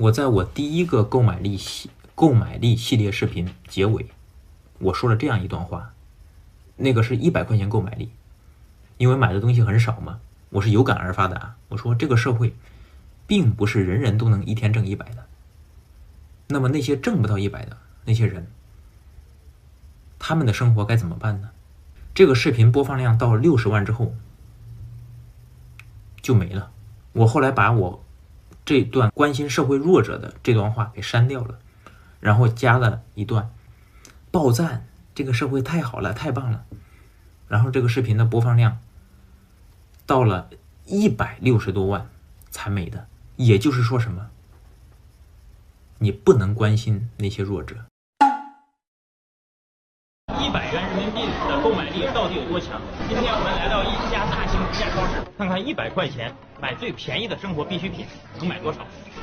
我在我第一個購買力系購買力系列視頻結尾，我說了這樣一段話，那個是一百塊錢購買力，因為買的東西很少嘛，我是有感而發的啊。我說這個社會，並不是人人都能一天掙一百的。那麼那些掙不到一百的那些人，他們的生活該怎麼辦呢？這個視頻播放量到六十萬之後，就沒了。我後來把我這段關心社會弱者的這段話給刪掉了，然後加了一段，爆讚，這個社會太好了，太棒了。然後這個視頻的播放量到了一百六十多萬才沒的，也就是說什麼？你不能關心那些弱者。百元人民幣的購買力到底有多強？今天我們來到一家大型平價超市，看看一百塊錢買最便宜的生活必需品能買多少。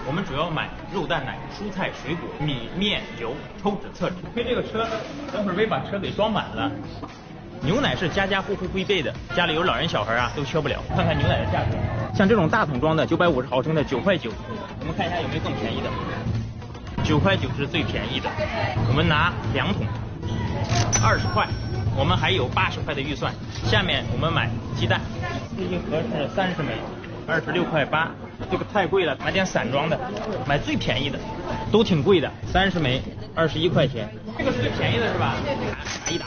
我們主要買肉、蛋、奶、蔬菜、水果、米、麵、油、抽紙、廁紙。推這個車，等會兒沒把車給裝滿了。牛奶是家家戶戶必備的，家裡有老人小孩啊都缺不了。看看牛奶的價格，像這種大桶裝的九百五十毫升的九塊九，嗯，我們看一下有沒有更便宜的。九塊九是最便宜的，我們拿兩桶。二十塊，我們還有八十塊的預算。下面我們買雞蛋，這一盒是三十枚，二十六塊八，這個太貴了，買點散裝的，買最便宜的，都挺貴的，三十枚二十一塊錢。這個是最便宜的是吧？打一打，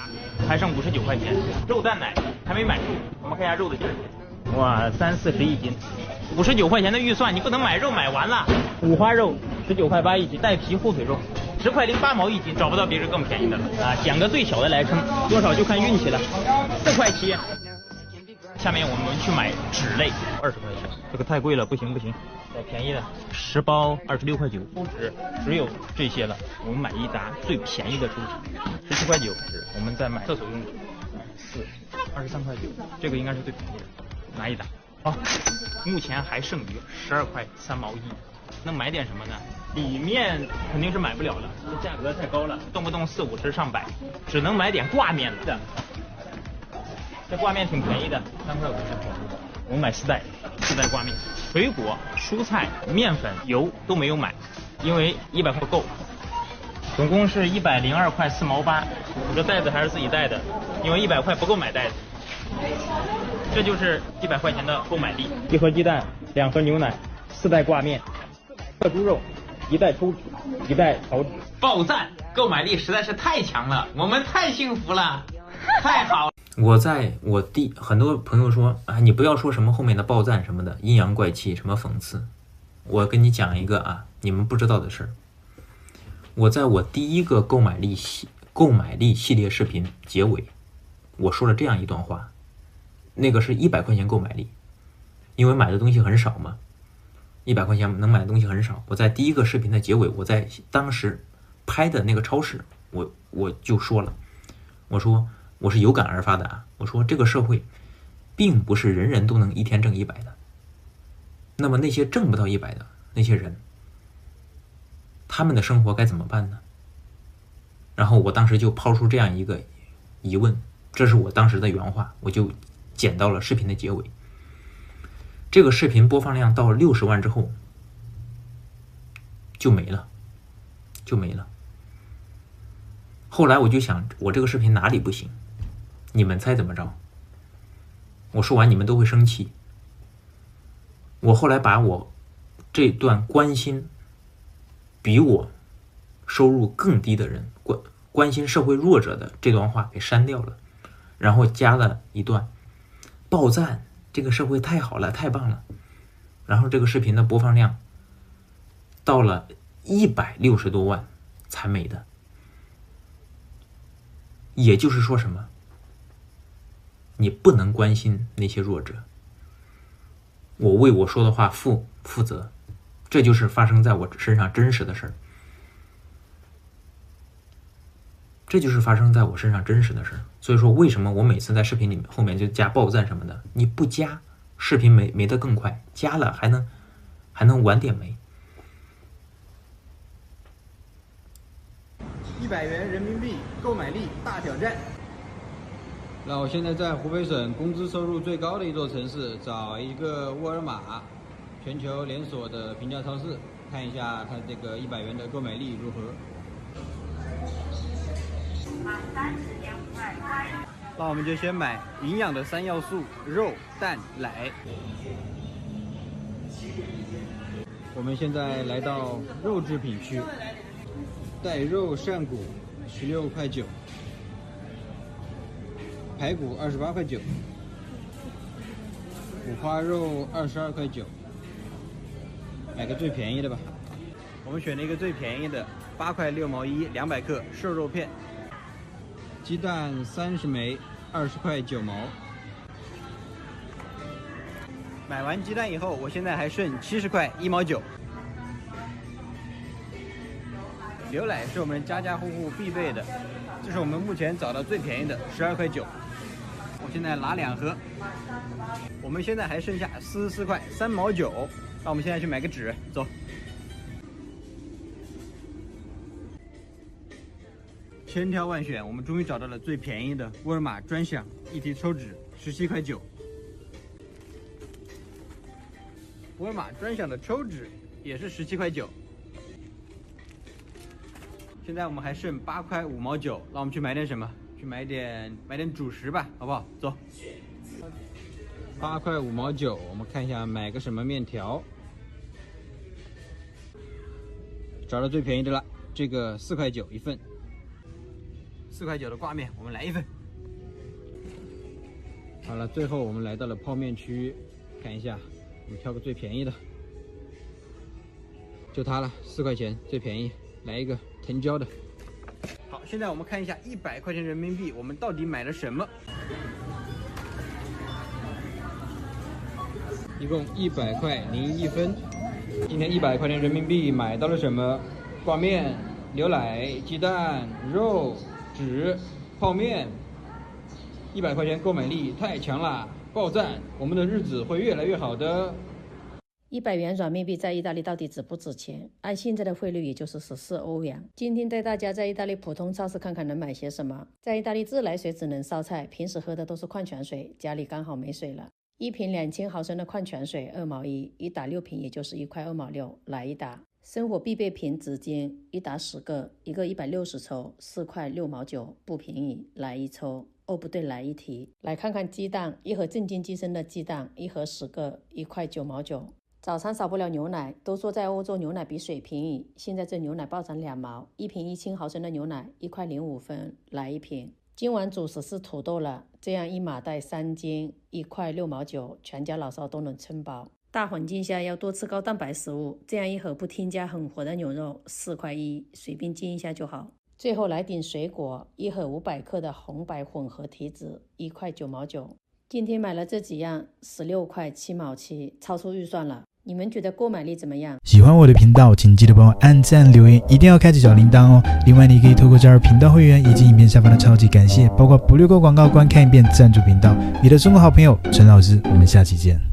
還剩五十九塊錢。肉蛋奶還沒買，我們看一下肉的價錢。哇，三四十一斤，五十九塊錢的預算你不能買肉買完了，五花肉。十九塊八一斤帶皮後腿肉，十塊零八毛一斤，找不到別人更便宜的了啊！撿個最小的來稱，多少就看運氣了。四塊七。下面我們去買紙類，二十塊錢。這個太貴了，不行不行。找便宜的，十包二十六塊九。抽紙只有這些了，我們買一沓最便宜的抽紙，十七塊九。我們再買廁所用紙，四二十三塊九。這個應該是最便宜的，拿一沓。好，目前還剩餘十二塊三毛一，能買點什麼呢？裡面肯定是買不了了，這價格太高了，動不動四五十上百，只能買點掛麵了。這掛麵挺便宜的，三塊五一桶。我買四袋，四袋掛麵。水果、蔬菜、麵粉、油都沒有買，因為一百塊夠。總共是一百零二塊四毛八。我這袋子還是自己帶的，因為一百塊不夠買袋子。這就是一百塊錢的購買力。一盒雞蛋，兩盒牛奶，四袋掛麵，一塊豬肉。一代抽，一代淘，爆讚，購買力實在是太強了，我們太幸福了，太好。 我在我第很多朋友說啊，你不要說什麼後面的爆讚什麼的，陰陽怪氣什麼諷刺。我跟你講一個啊，你們不知道的事兒。我在我第一個購買力系購買力系列視頻結尾，我說了這樣一段話，那個是一百塊錢購買力，因為買的東西很少嘛。一百塊錢能買的東西很少。我在第一個視頻的結尾，我在當時拍的那個超市，我我就說了，我說我是有感而發的啊。我說這個社會並不是人人都能一天掙一百的。那麼那些掙不到一百的那些人，他們的生活該怎麼辦呢？然後我當時就拋出這樣一個疑問，這是我當時的原話，我就剪到了視頻的結尾。這個視頻播放量到六十萬之後就沒了，就沒了。後來我就想，我這個視頻哪裡不行？你們猜怎麼着？我說完你們都會生氣。我後來把我這段關心比我收入更低的人，關關心社會弱者的這段話給刪掉了，然後加了一段爆讚。這個社會太好了，太棒了。然後這個視頻的播放量到了一百六十多萬才沒的，也就是說什麼？你不能關心那些弱者。我為我說的話負負責，這就是發生在我身上真實的事兒。這就是發生在我身上真實的事兒，所以說為什麼我每次在視頻裡面後面就加爆讚什麼的？你不加，視頻沒沒得更快，加了還能還能晚點沒。一百元人民幣購買力大挑戰。那我現在在湖北省工資收入最高的一座城市找一個沃爾瑪，全球連鎖的平價超市，看一下它這個一百元的購買力如何。那我們就先買營養的三要素：肉、蛋、奶。我們現在來到肉製品區，帶肉扇骨十六塊九，排骨二十八塊九，五花肉二十二塊九。買個最便宜的吧。我們選了一個最便宜的，八塊六毛一，兩百克瘦肉片。雞蛋三十枚，二十塊九毛。買完雞蛋以後，我現在還剩七十塊一毛九。牛奶是我們家家戶戶必備的，這是我們目前找到最便宜的十二塊九。我現在拿兩盒，我們現在還剩下四十四塊三毛九。那我們現在去買個紙，走。千挑萬選，我們終於找到了最便宜的沃爾瑪專享一提抽紙，十七塊九。沃爾瑪專享的抽紙也是十七塊九。現在我們還剩八塊五毛九，那我們去買點什麼？去買點買點主食吧，好不好？走。八塊五毛九，我們看一下買個什麼麵條？找到最便宜的了，這個四塊九一份。四塊九的掛麵，我們來一份。好了，最後我們來到了泡面區，看一下，我們挑個最便宜的，就它了，四塊錢最便宜，來一個藤椒的。好，現在我們看一下一百塊錢人民幣，我們到底買了什麼？一共一百塊零一分，今天一百塊錢人民幣買到了什麼？掛麵、牛奶、雞蛋、肉。紙，泡麵，一百塊錢購買力太強了，爆贊！我們的日子會越來越好的。一百元軟妹幣在意大利到底值不值錢？按現在的匯率也就是十四歐元。今天帶大家在意大利普通超市看看能買些什麼。在意大利自來水只能燒菜，平時喝的都是礦泉水，家裡剛好沒水了，一瓶兩千毫升的礦泉水二毛一，一打六瓶也就是一塊二毛六，來一打。生活必備品，紙巾一打十個，一個一百六十抽，四塊六毛九，不便宜。來一抽。哦，不對，來一提。來看看雞蛋，一盒正經雞生的雞蛋，一盒十個，一塊九毛九。早餐少不了牛奶，都說在歐洲牛奶比水便宜，現在這牛奶暴漲兩毛，一瓶一千毫升的牛奶，一塊零五分，來一瓶。今晚主食是土豆了，這樣一麻袋三斤，一塊六毛九，全家老少都能吃飽。大環境下要多吃高蛋白食物，這樣一盒不添加狠活的牛肉，四塊一，隨便煎一下就好。最後來點水果，一盒五百克的紅白混合提子，一塊九毛九。今天買了這幾樣，十六塊七毛七，超出預算了。你們覺得購買力怎麼樣？喜歡我的頻道，請記得幫我按讚、留言，一定要開啟小鈴鐺哦。另外，你可以通過加入頻道會員以及影片下方的超級感謝，包括不略過廣告，觀看一遍贊助頻道。你的中國好朋友陳老師，我們下期見。